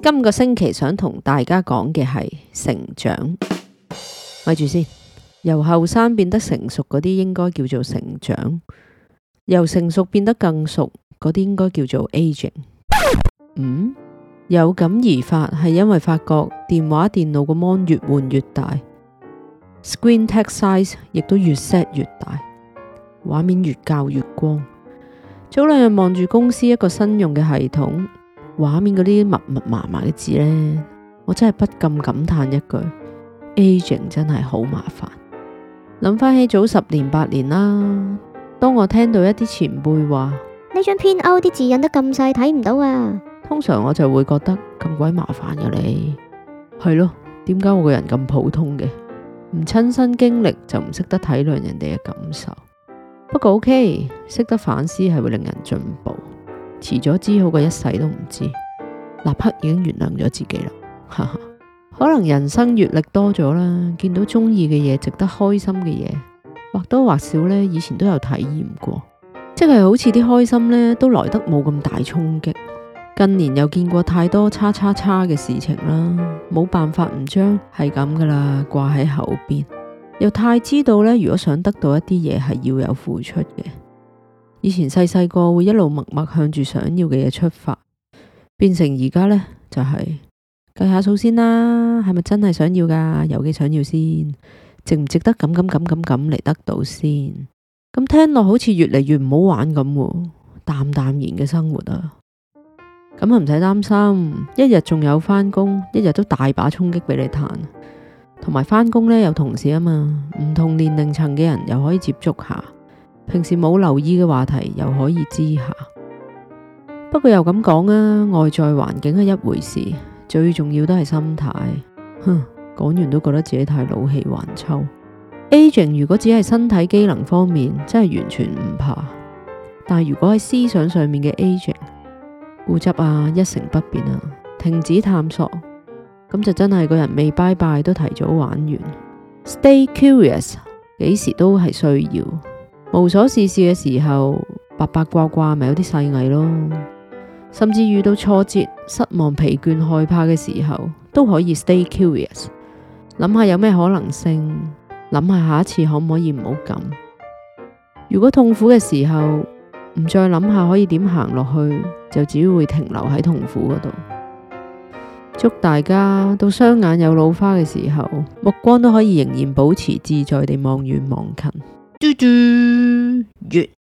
今個星期想同大家講嘅係成長，咪住先。由後生變得成熟嗰啲應該叫做成長，由成熟變得更熟嗰啲應該叫做 aging。嗯，有感而發係因為發覺電話、電腦個 mon 越換越大，screen text size 亦都越 set 越大，畫面越校越光。早兩日望住公司一個新用嘅系統，畫面嗰啲密密麻麻嘅字呢，我真係不禁感嘆一句：aging 真係好麻煩。諗返起早十年八年啦，當我聽到一啲前輩話：你張片歐啲字印得咁細，睇唔到啊！通常我就會覺得咁鬼麻煩嘅、啊、你，係咯？點解我個人咁普通嘅，唔親身經歷就唔識得體諒人哋嘅感受？不過 OK，識得反思係會令人進步。遲咗知好過一世都唔知，立刻已經原諒咗自己啦。吓，可能人生閱歷多咗啦，見到中意嘅嘢，值得開心嘅嘢，或多或少以前都有體驗過。即係好似啲開心咧都來得冇咁大衝擊。近年又見過太多叉叉叉嘅事情啦，冇辦法唔將係咁噶啦，掛喺後邊。又太知道呢，如果想得到一啲嘢，係要有付出嘅。以前細細個會一路默默向住想要嘅嘢出發，變成而家呢，就係、是、計下數先啦，係咪真係想要㗎？有幾想要先，值唔值得咁咁咁咁咁嚟得到先？咁聽落好似越嚟越唔好玩咁，淡淡然嘅生活啊，咁啊唔使擔心，一日仲有返工，一日都大把衝擊俾你嘆。同埋返工咧，有同事啊嘛，唔同年齡層嘅人又可以接觸下，平時冇留意嘅話題又可以知下。不過又咁講啊，外在環境係一回事，最重要都係心態。哼，講完都覺得自己太老氣橫秋。aging 如果只係身體機能方面，真係完全唔怕。但如果喺思想上面嘅 aging 固執啊，一成不變啊，停止探索。咁就真係個人未拜拜都提早玩完。Stay curious，幾時都係需要。無所事事嘅時候，八八卦卦咪有啲世藝咯。甚至遇到挫折、失望、疲倦、害怕嘅時候，都可以 Stay curious，諗下有咩可能性，諗下下一次可唔可以唔好咁。如果痛苦嘅時候，唔再諗下可以點行落去，就只會停留喺痛苦嗰度。祝大家到雙眼有老花嘅時候，目光都可以仍然保持自在地望遠望近。嘟嘟月。